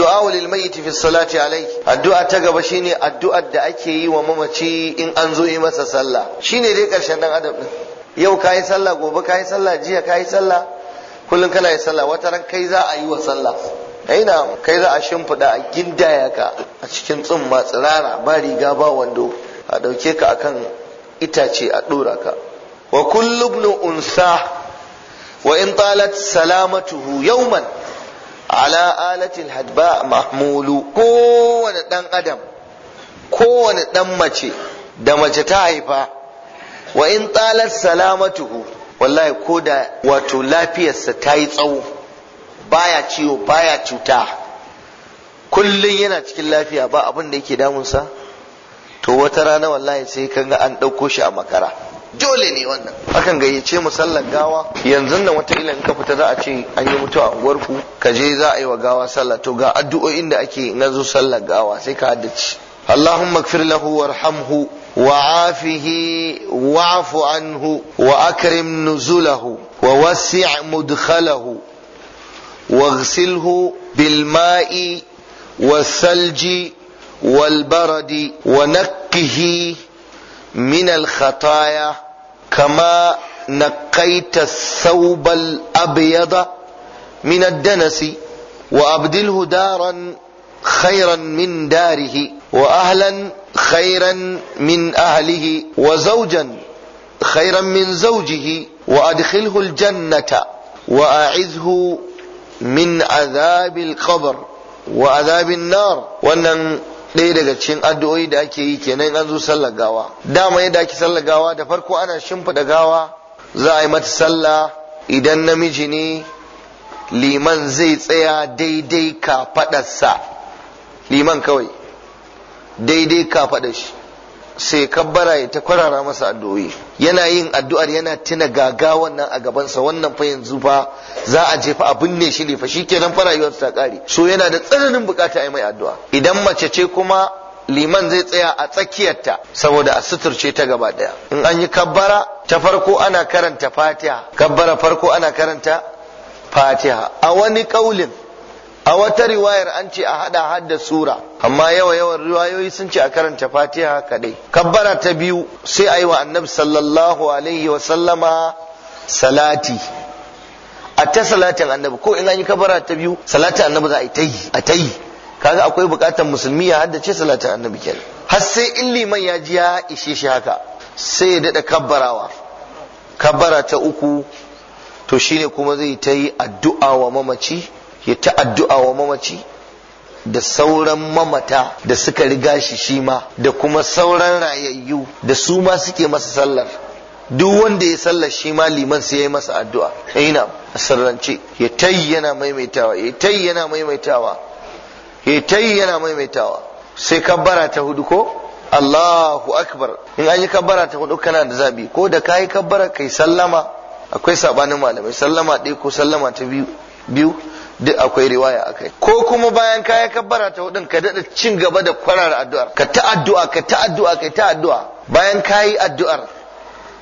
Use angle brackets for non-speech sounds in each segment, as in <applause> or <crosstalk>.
addu'a lil mayyit fi salati alai addu'a ta gaba shine addu'ar da ake yi wa mamaci in an zo yi masa sallah shine dai karshen dan adam din yau kayi sallah gobe kai sallah jiya kai sallah kullun kana yi sallah wata ran kai za a yi wa sallah aina kai za a shimfida a gindaya ka a cikin tsumma tsirara ba riga ba wando a ɗauke ka akan itace a ɗora ka wa kullu unsa wa in talat salamatuhu yawman ala alatin hadba mahmulu kowane dan adam kowane dan mace da mace ta haifa wa in talat salamatuhu wallahi ko da wato lafiyarsa ta yi tsawo baya ciwo baya cuta kullum yana cikin lafiya ba abin da yake damunsa to wata rana wallahi sai kan ga an ɗauko shi a makara dole ne wannan akan gayyace mu sallar gawa yanzu nan wata ilan in ka fita za a ce an yi mutuwa a unguwarku. ka je za a yi wa gawa sallah to ga addu'o'in da ake nazo zo sallar gawa sai ka haddace اللهم اغفر له وارحمه وعافه واعف عنه واكرم نزله ووسع مدخله واغسله بالماء والثلج Wa ونقه من الخطايا كما نقيت الثوب الأبيض من الدنس وأبدله دارا خيرا من داره وأهلا خيرا من أهله وزوجا خيرا من زوجه وأدخله الجنة وأعذه من عذاب القبر وعذاب النار وأن ɗaya daga cikin addu'o'i da ake yi kenan an zo sallar gawa dama yadda ake sallar gawa da farko ana shimfiɗa gawa za a yi mata sallah idan namiji ne liman zai tsaya daidai ka kafaɗarsa liman kawai daidai faɗa shi sai kabbara ya ta kwarara masa addu'o'i yana yin addu'ar yana tuna gaga wannan a gabansa wannan fa yanzu fa za a jefa a binne shi ne fa shikenan fa rayuwarsa ta kare so yana da tsananin bukata a yi mai addu'a idan mace ce kuma liman zai tsaya a tsakiyarta saboda a suturce ta gaba daya in an yi kabbara ta farko ana karanta fatiha kabbara farko ana karanta fatiha a wani kaulin a wata riwayar an ce a hada hadda sura amma yawa yawan riwayoyi sun ce a karanta fatiha kadai kabbara ta biyu sai a yi wa annabi sallallahu alaihi wa sallama salati a ta salatin annabi ko in an yi kabbara ta biyu salatin annabi za a yi ta yi a ta yi kaga akwai bukatar musulmi ya haddace salatin annabi kenan har sai in liman ya ji ya ishe shi haka sai ya dada kabbarawa kabbara ta uku to shine kuma zai ta yi addu'a wa mamaci ya ta addu'a wa mamaci da sauran mamata da suka riga shi shi ma da kuma sauran rayayyu da su ma suke masa sallar duk wanda ya sallar shi ma liman sai ya yi masa addu'a eh, ina sarrance ya tayi yana maimaitawa ya tayi yana maimaitawa ya tayi yana maimaitawa sai kabbara ta hudu ko Allahu akbar in an yi kabbara ta hudu kana da zabi ko da kayi kabbara kai sallama akwai sabanin malamai sallama ɗaya ko sallama ta biyu duk akwai riwaya akai ko kuma bayan kaya kabbara ta hudun ka daɗa cin gaba da kwarar addu'ar ka ta addu'a ka ta addu'a ka ta addu'a bayan kayi addu'ar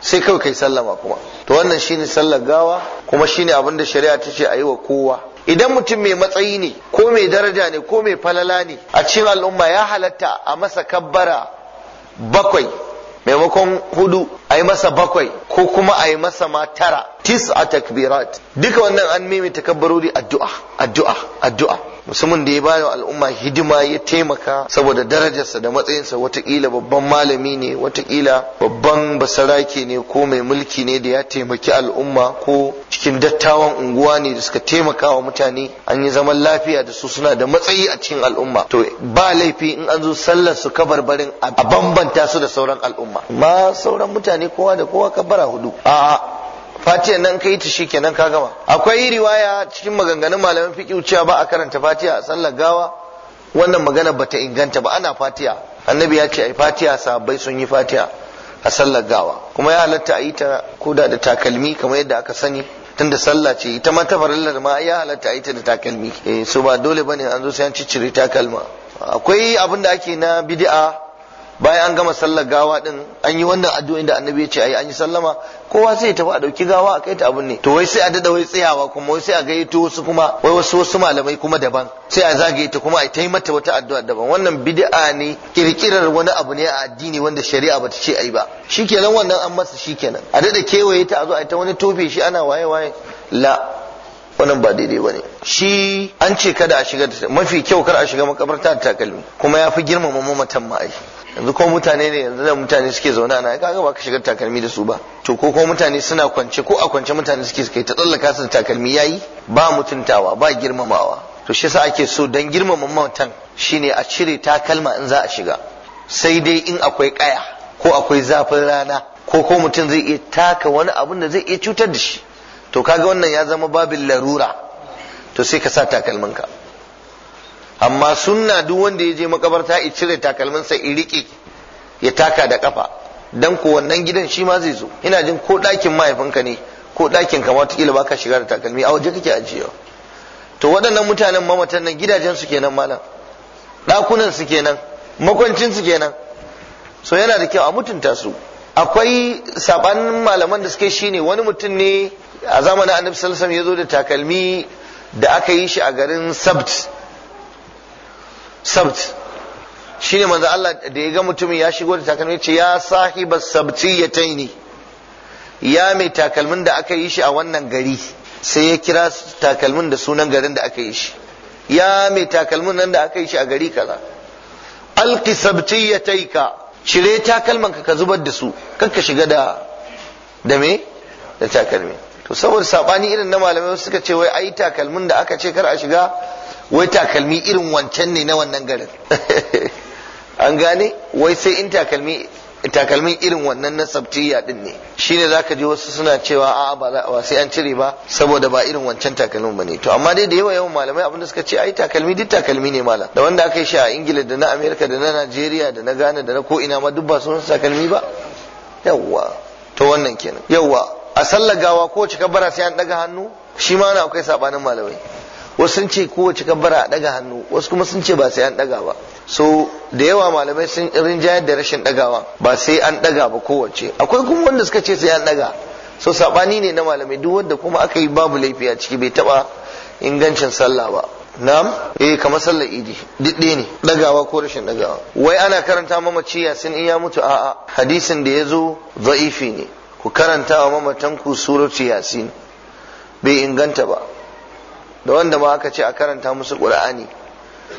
sai kawai kai sallama kuma to wannan shine sallar gawa kuma shine abin da shari'a ta ce a yi wa kowa idan mutum mai matsayi ne ko mai daraja ne ko mai falala ne a cikin al'umma ya halatta a masa kabbara bakwai maimakon hudu a masa bakwai ko kuma a masa ma tara tis a takbirat duka wannan an mimi takabbarori addu'a addu'a addu'a musamman da ya ba wa al'umma hidima ya taimaka saboda darajarsa da matsayinsa watakila babban malami ne watakila babban basarake ne ko mai mulki ne da ya taimaki al'umma ko cikin dattawan unguwa ne da suka taimaka wa mutane an yi zaman lafiya da su suna da matsayi a cikin al'umma to ba laifi in an zo sallar su kabarbarin a bambanta su da sauran al'umma ma sauran mutane mutane kowa da kowa ka bara hudu a'a fatiha nan yi ta nan ka gama akwai riwaya cikin maganganun malaman fiqh cewa ba a karanta fatiha a sallar gawa wannan magana bata inganta ba ana fatiha annabi ya ce ai fatiha sahabbai sun yi fatiha a sallar gawa kuma ya halatta a yi ta koda da takalmi kamar yadda aka sani tun da sallah ce ita ma ta farillar ma ya halatta a yi ta da takalmi eh, so ba dole bane an zo sai an ciccire takalma akwai abin da ake na bid'a bayan an gama sallar gawa din an yi wannan addu'o'in da annabi ya ce ayi an yi sallama kowa sai ya tafi a dauki gawa a kai ta abun ne to wai sai a dada wai tsayawa kuma wai sai a gayyato wasu kuma wai wasu wasu malamai kuma daban sai a zagaye ta kuma a ta mata wata addu'a daban wannan bid'a ne kirkirar wani abu ne a addini wanda shari'a bata ce ayi ba shikenan wannan an masa shikenan a dada kewaye ta a zo a ta wani tofe shi ana waye waye la wannan ba daidai ba shi an ce kada a shiga mafi kyau kar a shiga makabarta da takalmi kuma ya fi girmama mamatan ma'ai yanzu ko mutane ne yanzu da mutane suke zauna na kaga ba ka shigar takalmi da su ba to ko ko mutane suna kwance ko a kwance mutane suke kai ta tsallaka su takalmi yayi ba mutuntawa ba girmamawa to shi yasa ake so dan girmama mutan shine a cire takalma in za a shiga sai dai in akwai kaya ko akwai zafin rana ko ko mutum zai iya taka wani abun da zai iya cutar da shi to kaga wannan ya zama babin larura to sai ka sa takalmin ka. amma sunna duk wanda ya je makabarta ya cire takalminsa ya riƙe ya taka da kafa dan ko wannan gidan shi ma zai zo ina jin ko ɗakin mahaifinka ne ko ɗakin ka wataƙila baka shiga da takalmi a waje kake ajiyewa to waɗannan mutanen mamatan nan gidajen su kenan malam ɗakunan su kenan makwancin su kenan so yana da kyau a mutunta su akwai sabanin malaman da suke shine wani mutum ne a zamanin annabi sallallahu alaihi wasallam ya zo da takalmi da aka yi shi a garin sabt sabt shine manzo Allah da ya ga mutumin ya shigo da takalmi ce ya sahiba sabti ya taini ya mai takalmin da aka yi shi a wannan gari sai ya kira takalmin da sunan garin da aka yi shi ya mai takalmin nan da aka yi shi a gari kaza alqi sabti ya taika cire takalman ka ka zubar da su kar ka shiga da da me da takalmi to saboda sabani irin na malamai suka ce wai ai takalmin da aka ce kar a shiga wai takalmi irin wancan ne na wannan garin <laughs> an gane wai sai in takalmi takalmin irin wannan na sabtiya din ne shine zaka ji wasu suna cewa a'a ba za sai an cire ba saboda ba irin wancan takalmin bane to amma dai da yawa yawan malamai abin da suka ce ai takalmi duk takalmi ne malam da wanda aka yi shi a Ingila da na Amerika da na Najeriya da na Ghana da na ko ina ma duk ba sun takalmi ba Yawwa, to wannan kenan Yawwa, a sallar gawa ko cika bara sai an daga hannu shi ma na akwai sabanin malamai wasu sun ce kowace kabbara a daga hannu wasu kuma sun ce ba sai an daga ba so da yawa malamai sun rinjayar da rashin dagawa ba sai an daga ba kowace akwai kuma wanda suka ce sai an daga so sabani ne na malamai duk wanda kuma aka yi babu laifi a ciki bai taba ingancin sallah ba Na'am? Eh kamar sallar idi. Diɗɗe ne. Dagawa ko rashin dagawa. Wai ana karanta mamaci yasin in ya mutu a'a. Hadisin da ya zo za'ifi ne. Ku karanta wa mamatan ku suratu yasin. Bai inganta ba. da wanda ma aka ce a karanta musu qur'ani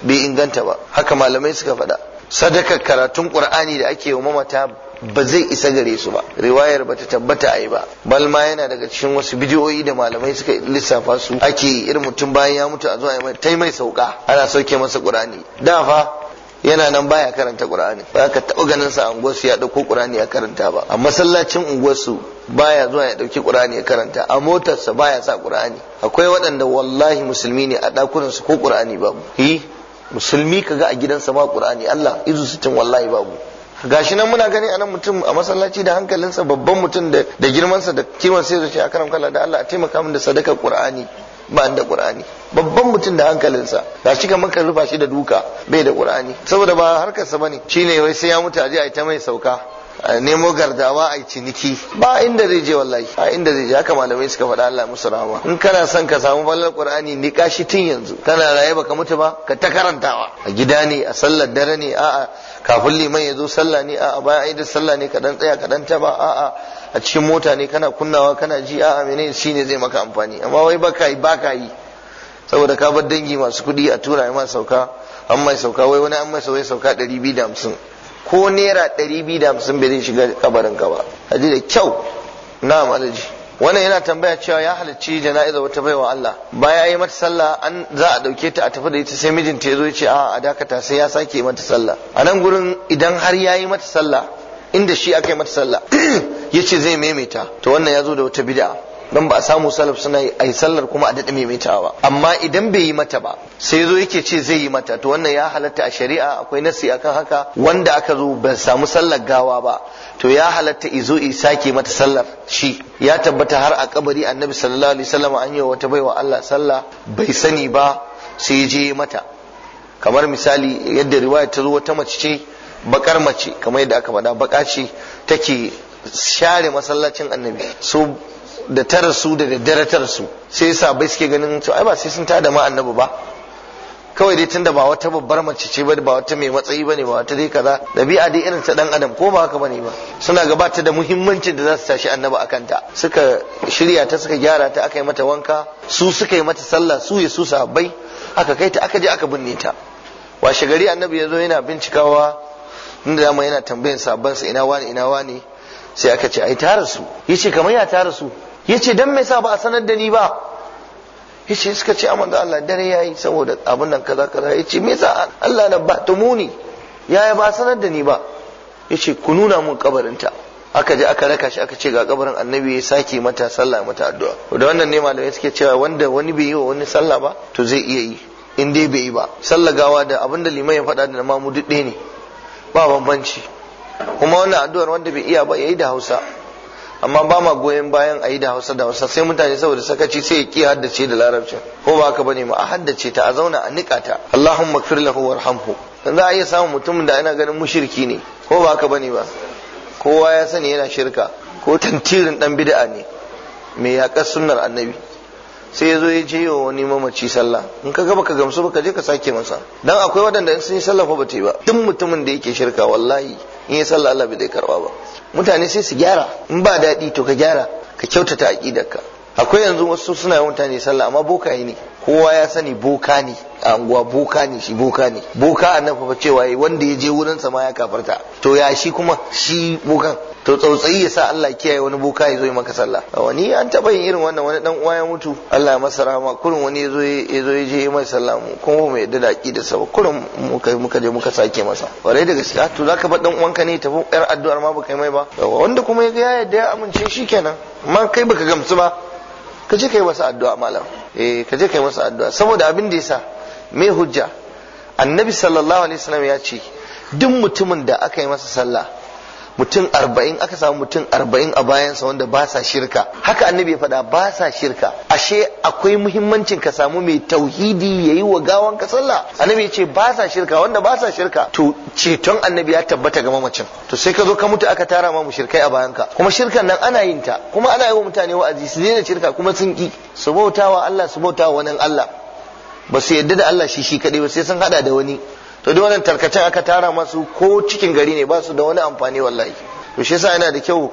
bai inganta ba haka malamai suka faɗa sadakar karatun qur'ani da ake yi mamata ba zai isa gare su ba riwayar ba ta tabbata a yi ba Balma yana daga cikin wasu bidiyoyi da malamai suka lissafa su ake irin mutum bayan ya mutu a zuwa ta mai sauka ana sauke masa qur'ani da fa yana nan baya karanta qur'ani ba ka taɓa ganin sa unguwarsu ya ɗauko qur'ani ya karanta ba a masallacin unguwarsu baya zuwa ya dauki qur'ani ya karanta a motarsa baya sa qur'ani akwai waɗanda wallahi musulmi ne a dakunan su ko qur'ani babu hi musulmi kaga a gidansa ba qur'ani Allah izu su tin wallahi babu gashi nan muna gani anan mutum a masallaci da hankalinsa babban mutum da girmansa da kiman sai zuciya a karam kala da Allah a taimaka min da sadaka qur'ani ba da qur'ani babban mutum da hankalinsa ga shi kamar ka rufa shi da duka bai da qur'ani saboda ba harkarsa bane shine wai sai ya mutu aje ai ta mai sauka a nemo gardawa ai ciniki ba inda zai je wallahi a inda zai je haka malamai suka faɗa Allah musu rahama in kana son ka samu ballar Qur'ani ni kashi tun yanzu kana raye baka mutu ba ka ta karantawa a gida ne a sallar dare ne a'a kafin liman ya zo sallah ne a'a bayan aidar sallah ne ka dan tsaya ka dan taba a'a a cikin mota ne kana kunnawa kana ji a'a shi ne zai maka amfani amma wai baka yi baka yi saboda ka bar dangi masu kuɗi a tura ma sauka an mai sauka wai wani an mai sauka sauka 250 ko naira 250 bai zai shiga kabarin ka ba haji da kyau na malaji wannan yana tambaya cewa ya halarci jana'iza wata baiwa Allah baya yi mata sallah an za a dauke ta a tafi da ita sai mijinta ya zo ya ce a a dakata sai ya sake mata sallah a nan gurin idan har ya yi mata sallah inda shi aka yi mata sallah <clears throat> Ya ce zai maimaita to wannan ya zo da wata bid'a don ba a samu salaf suna yi sallar kuma a daɗa maimaitawa ba amma idan bai yi mata ba sai zo yake ce zai yi mata to wannan ya halatta a shari'a akwai nasi akan haka wanda aka zo ba samu sallar gawa ba to ya halatta izo i sake mata sallar shi ya tabbata har a kabari annabi sallallahu alaihi wasallam an yi wata baiwa Allah sallah bai sani ba sai je mata kamar misali yadda riwaya ta zo wata mace ce bakar mace kamar yadda aka faɗa baka ce take share masallacin annabi so da tara su da daddare tara su sai sabai suke ganin to ai ba sai sun tada ma annabi ba kawai dai tunda ba wata babbar mace ce ba ba wata mai matsayi bane ba wata dai kaza dabi'a dai irin ta dan adam ko ba haka bane ba suna gabata da muhimmancin da za su tashi annabi akan ta suka shirya ta suka gyara ta aka yi mata wanka su suka yi mata sallah su ya su sahabbai aka kai ta aka je aka binne ta washe gari annabi ya zo yana bincikawa inda dama yana tambayin sabansa ina wani ina wani sai aka ce ai ta rasu yace kamar ya ta rasu yace dan me yasa ba a sanar da ni ba yace suka ce amma ah, da Allah dare yayi saboda abin nan kaza kaza yace me yasa Allah na ba muni? yaya ba sanar da ni ba yace ku nuna mun kabarinta aka je aka raka shi aka ce ga kabarin annabi ya sake mata sallah mata addu'a da wannan ne malamai suke cewa wanda wani bai yi wa wani sallah ba to zai iya yi in dai bai yi ba sallah gawa da abinda liman ya faɗa da mamu duk ɗaya ne ba bambanci kuma wannan addu'ar wanda bai iya ba yayi da Hausa amma ba ma goyon bayan a yi da Hausa da Hausa sai mutane saboda sakaci sai ya ki haddace da larabcin ko ba haka bane ma a haddace ta a zauna a nika ta Allahumma ighfir lahu warhamhu za a iya samun mutumin da ana ganin mushriki ne ko ba haka bane ba kowa ya sani yana shirka ko tantirin dan bid'a ne mai yakar sunnar annabi sai ya zo ya je wa wani mamaci sallah in ka gaba ka gamsu ba ka je ka sake masa dan akwai waɗanda in sun yi sallah fa ba ta yi ba duk mutumin da yake shirka wallahi in ya sallah Allah bai karba ba mutane sai su gyara in ba daɗi to ka gyara ka kyautata aqidarka akwai yanzu wasu suna yawan mutane salla, amma boka ne kowa ya sani boka ne a anguwa boka ne shi boka ne boka a fa cewa wanda ya je wurin sama ya kafarta to ya shi kuma shi bokan to tsautsayi ya sa Allah kiyaye wani boka ya zo yi maka sallah wani an taba yin irin wannan wani dan uwa ya mutu Allah ya masa rahama kurin wani ya zo ya zo ya je yi masa sallah mu kuma mu yadda da da sa kurin muka muka je muka sake masa warai da gaskiya ah, to zaka ba dan uwanka ne tafi yar addu'ar ma baka yi mai ba wanda kuma ya ga ya yadda ya amince shi kenan man kai baka gamsu ba ka je kai masa addu'a malam eh ka je kai masa addu'a saboda abin da yasa me hujja annabi sallallahu alaihi wasallam ya ce duk mutumin da aka yi masa sallah mutum arba'in aka samu mutum arba'in a bayansa wanda ba sa shirka haka annabi ya faɗa ba sa shirka ashe akwai muhimmancin ka samu mai tauhidi ya yi wa gawan ka sallah annabi ya ce ba sa shirka wanda ba sa shirka to ceton annabi ya tabbata ga mamacin to sai ka zo ka mutu aka tara ma mu shirkai a ka kuma shirkan nan ana yin ta kuma ana yi wa mutane wa'azi su daina shirka kuma sun ki su bautawa Allah su bautawa wani Allah ba su yarda da Allah shi shi kadai ba sai sun hada da wani to duk wannan tarkacen aka tara masu ko cikin gari ne ba su da wani amfani wallahi to shi yasa yana da kyau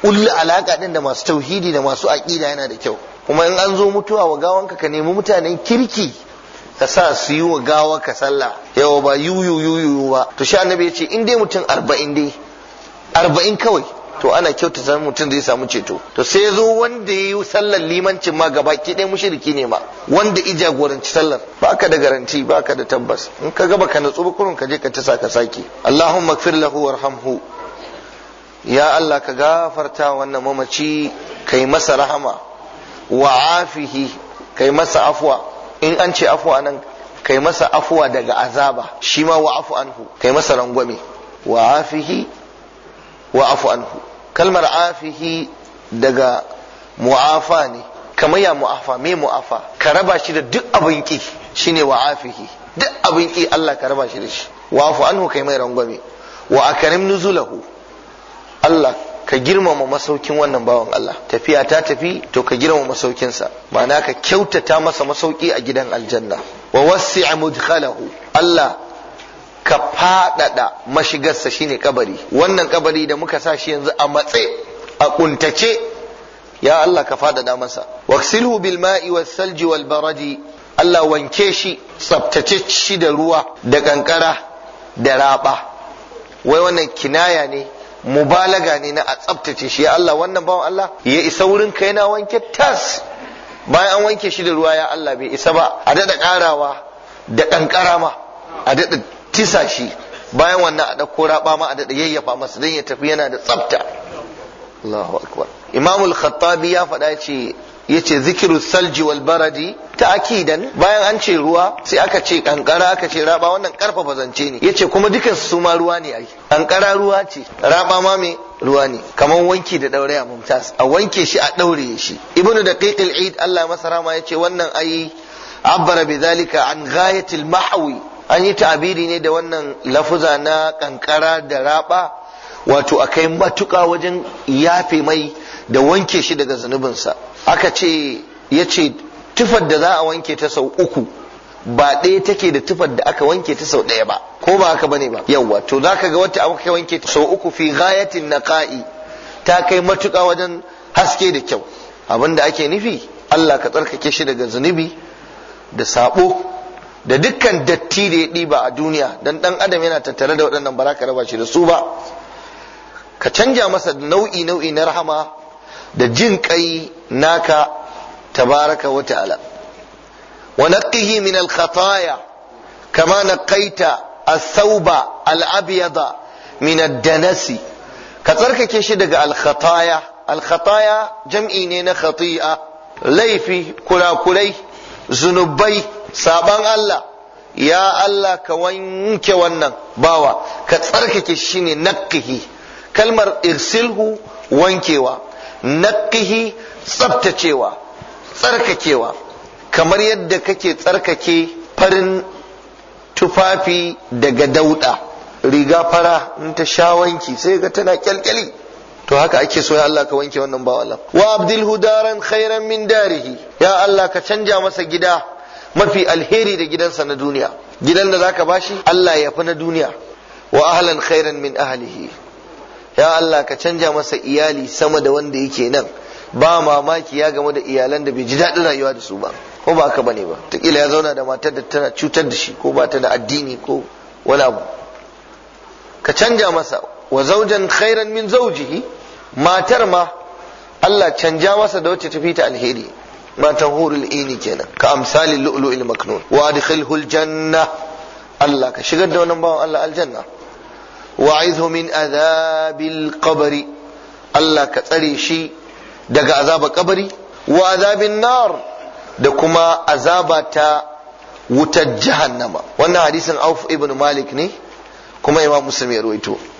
kulli alaka din da masu tauhidi da masu aqida yana da kyau kuma in an zo mutuwa wa gawanka ka nemi mutanen kirki ka sa su yi wa gawa ka sallah yawa ba yuyu yuyu ba to shi annabi ya ce in dai mutum arba'in dai arba'in kawai to ana kyautata mutum zai samu ceto to sai zo wanda yayi sallar limancin ma gaba ki dai mushriki ne ma wanda i jagoranci sallar baka da garanti baka da tabbas in ka gaba ka natsu kurun ka je ka tasa ka saki Allahumma ighfir lahu warhamhu ya Allah ka gafarta wannan mamaci kai masa rahama wa afihi kai masa afwa in an ce afwa nan kai masa afwa daga azaba shi ma wa afu anhu kai masa rangwame wa afihi wa anhu kalmar afihi daga mu'afa ne kamar ya mu'afa me mu'afa ka raba shi da duk abin ki shine wa'afihi afihi duk abin ki Allah ka raba shi da shi wa afu anhu kai mai rangwame wa akarim nuzulahu Allah ka girmama masaukin wannan bawan Allah tafiya ta tafi to ka girmama sa ma'ana ka kyautata masa masauki a gidan aljanna wa wasi'a mudkhalahu Allah ka faɗaɗa mashigarsa shine kabari wannan kabari da muka sa shi yanzu a matse a kuntace ya Allah ka faɗaɗa masa waksilhu bil ma'i was salji wal baraji Allah wanke shi tsaftace shi da ruwa da ƙanƙara da raɓa. wai wannan kinaya ne mubalaga ne na a tsaftace shi ya Allah wannan bawan Allah ya isa wurin ka yana wanke tas bayan an wanke shi da ruwa ya Allah bai isa ba a daɗa ƙarawa da kankara ma a daɗa tisa shi bayan wannan a ɗauko raba ma a daɗa yayyafa masa don ya tafi yana da tsafta Allahu akbar Imamul khattabi ya faɗa yace yace zikiru salji wal baradi ta akidan bayan an ce ruwa sai aka ce kankara aka ce raba wannan karfafa zance ne yace kuma dukan su ma ruwa ne ai kankara ruwa ce raba ma me ruwa ne kamar wanki da a mumtaz a wanke shi a ɗaure shi ibnu da al-eid Allah masa rama yace wannan ai abbara bi zalika an ghayatil mahwi an yi ta'abiri ne da wannan lafuza na kankara da raba wato akai matuka wajen yafe mai da wanke shi daga zunubinsa aka ce ya ce tufar da za a wanke ta sau uku ba ɗaya take da tufar da aka wanke ta sau ɗaya ba ko ba haka bane ba yawwa to za ka ga wata aka wanke ta sau uku fi gayatin naqa'i ta kai matuka wajen haske da kyau abinda ake nufi Allah ka tsarkake shi daga zunubi da sabo da dukkan datti da ya ɗiba a duniya dan ɗan adam yana tattare da waɗannan ba ka raba shi da su ba ka canja masa nau'i nau'i na rahama da jin kai naka tabaraka wa ta'ala wa naqqihi min al khataya kama naqaita athauba al abyada min ad danasi ka tsarkake shi daga al khataya al khataya jam'i ne na khati'a laifi kurakurai zunubai saban Allah ya Allah ka wanke wannan bawa ka tsarkake shi ne naqqihi kalmar irsilhu wankewa naqqihi tsaftacewa tsarkakewa kamar yadda kake tsarkake farin tufafi daga dauda riga fara in ta sha wanki sai ga tana kyalkyali to haka ake so ya Allah ka wanke wannan bawa wa Abdul hudaran khairan min darihi ya Allah ka canja masa gida mafi alheri da gidansa na duniya gidan da zaka bashi Allah ya fi na duniya wa ahlan khairan min ahlihi ya Allah ka canja masa iyali sama da wanda yake nan ba mamaki ya game da iyalan da bai ji daɗin rayuwa da su ba ko ba ka bane ba takila ya zauna da matar da tana cutar da shi ko ba ta da addini ko wani abu ka canja masa wa zaujan khairan min zaujihi matar ma Allah canja masa da wacce tafi ta alheri matan hurul ini kenan ka amsalin lu'lu'il maknun wa adkhilhul janna Allah ka shigar da wannan bawan Allah aljanna wa aizhu min azabil Allah ka tsare shi daga azabar kabari wa azabin nar da kuma azaba ta wutar nama. wannan hadisin auf ibn malik ne kuma imam muslim ya rawaito